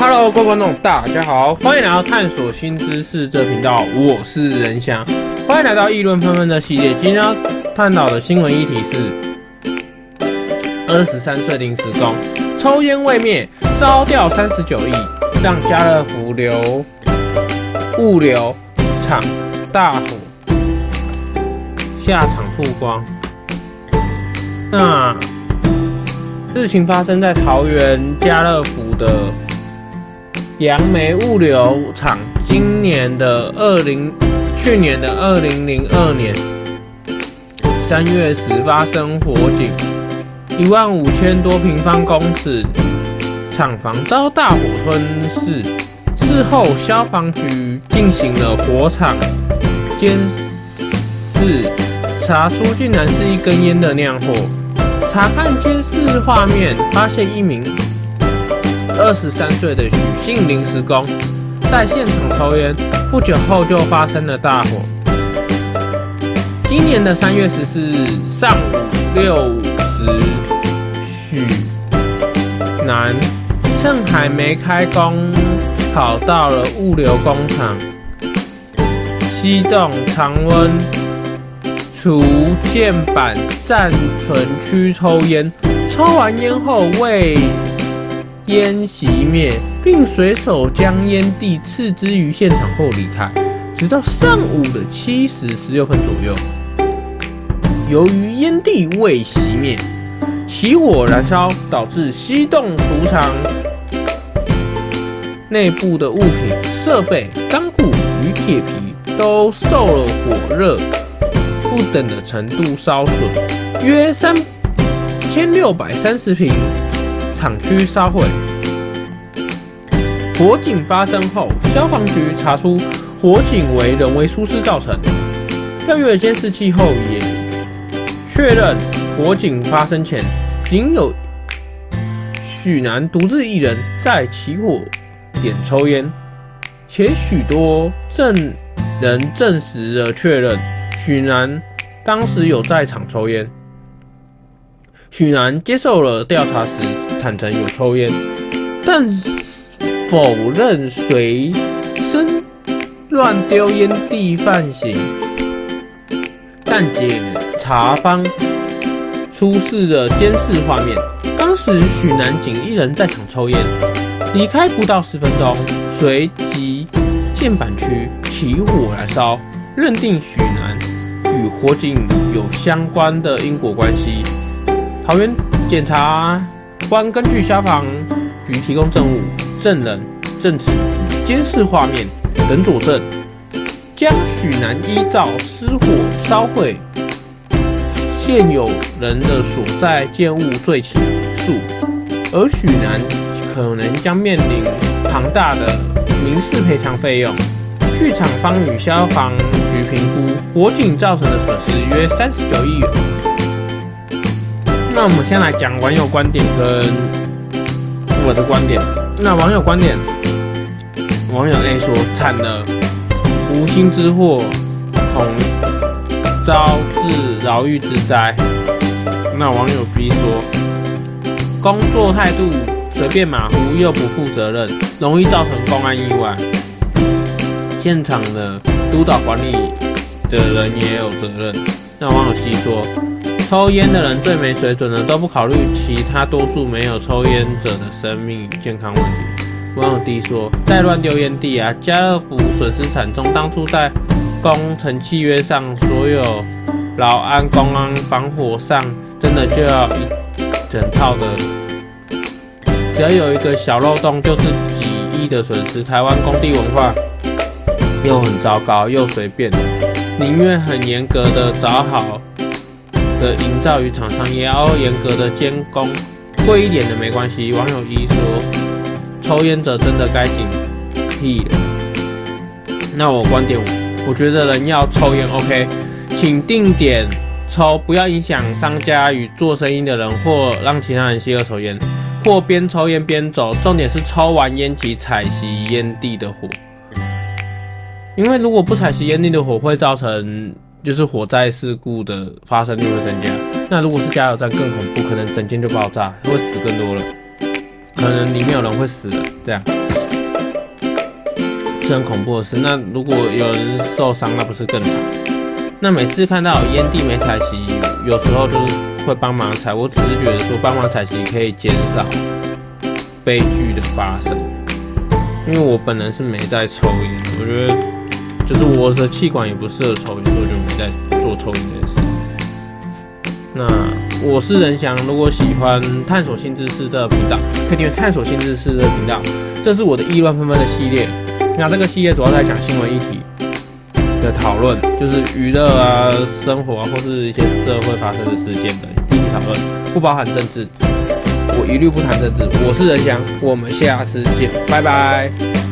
Hello，各位觀眾，大家好，歡迎來到探索新知識這頻道，我是任翔，歡迎來到議論紛紛的系列。今天要探討的新聞議題是23歲臨時工：二十三歲臨時工抽菸未滅，燒掉三十九億，讓家樂福流物流廠大火下場曝光。那事情發生在桃園家樂福的。楊梅物流廠今年的二零，去年的二零零二年三月時發生火警，一萬五千多平方公尺廠房遭大火吞噬。事後消防局進行了火場監視，查出竟然是一根烟的釀禍。查看監視畫面，發現一名。二十三歲的許姓臨時工在現場抽煙，不久後就發生了大火。今年的三月 14, 十四日上午六時許，男趁還沒開工，跑到了物流工廠西棟常溫儲件板暫存區抽煙，抽完煙後未煙熄滅，並隨手將煙蒂置之於現場後離開。直到上午的七時十六分左右，由於煙蒂未熄滅，起火燃燒，導致西洞賭場內部的物品、設備、鋼骨與鐵皮都受了火熱不等的程度燒損，約三千六百三十平。廠區燒毀，火警發生後，消防局查出火警為人為疏失造成。調閱監視器後，也確認火警發生前僅有許南獨自一人在起火點抽菸，且許多證人證實了確認許南當時有在場抽菸。許南接受了調查時。坦承有抽菸，但否認隨身亂丟菸蒂犯行。但檢察方出示的監視畫面，當時許男僅一人在場抽菸，離開不到十分鐘，隨即鍵盤區起火燃燒，認定許男與火警有相關的因果關係。桃園檢察官根據消防局提供證物、證人、證詞、監視畫面等佐證，將許男依照失火燒毀現有人的所在建物罪起訴，而許男可能將面臨龐大的民事賠償費用。據廠方與消防局評估，火警造成的損失約三十九億元。那我們先來講網友觀點跟我的觀點。那網友觀點，網友 A 說：“慘了，無心之禍，恐招致牢獄之災。”那網友 B 說：“工作態度隨便馬虎又不負責任，容易造成工安意外。現場的督導管理的人也有責任。”那網友 C 說。抽菸的人最沒水準了，都不考慮其他多數沒有抽菸者的生命健康問題。網友 D 說：“再亂丟菸蒂啊，家樂福損失慘重。當初在工程契約上，所有勞安、公安、防火上，真的就要一整套的，只要有一個小漏洞，就是幾億的損失。台灣工地文化又很糟糕，又隨便的，寧願很嚴格的找好。”的營造與廠商也要嚴格的監工，貴一點的沒關係。網友一說，抽菸者真的該警惕了。那我觀點，我覺得人要抽菸，OK，請定點抽，不要影響商家與做生意的人，或讓其他人吸二手菸，或邊抽菸邊走。重點是抽完菸及踩熄菸蒂的火，因為如果不踩熄菸蒂的火，會造成。就是火災事故的發生率會增加。那如果是加油站更恐怖，可能整間就爆炸，會死更多了。可能裡面有人會死了，這樣是很恐怖的事。那如果有人受傷，那不是更慘？那每次看到菸蒂沒踩熄，有時候就是會幫忙踩。我只是覺得說幫忙踩熄可以減少悲劇的發生。因為我本人是沒在抽菸，我覺得。就是我的氣管也不適合抽菸，所以我就沒在做抽菸的事。那我是仁翔，如果喜歡探索新知識的頻道，可以訂閱探索新知識的頻道。這是我的議論紛紛的系列。那這個系列主要在講新聞議題的討論，就是娛樂啊、生活啊，或是一些社會發生的事件的議題討論，不包含政治，我一律不談政治。我是仁翔，我們下次見，拜拜。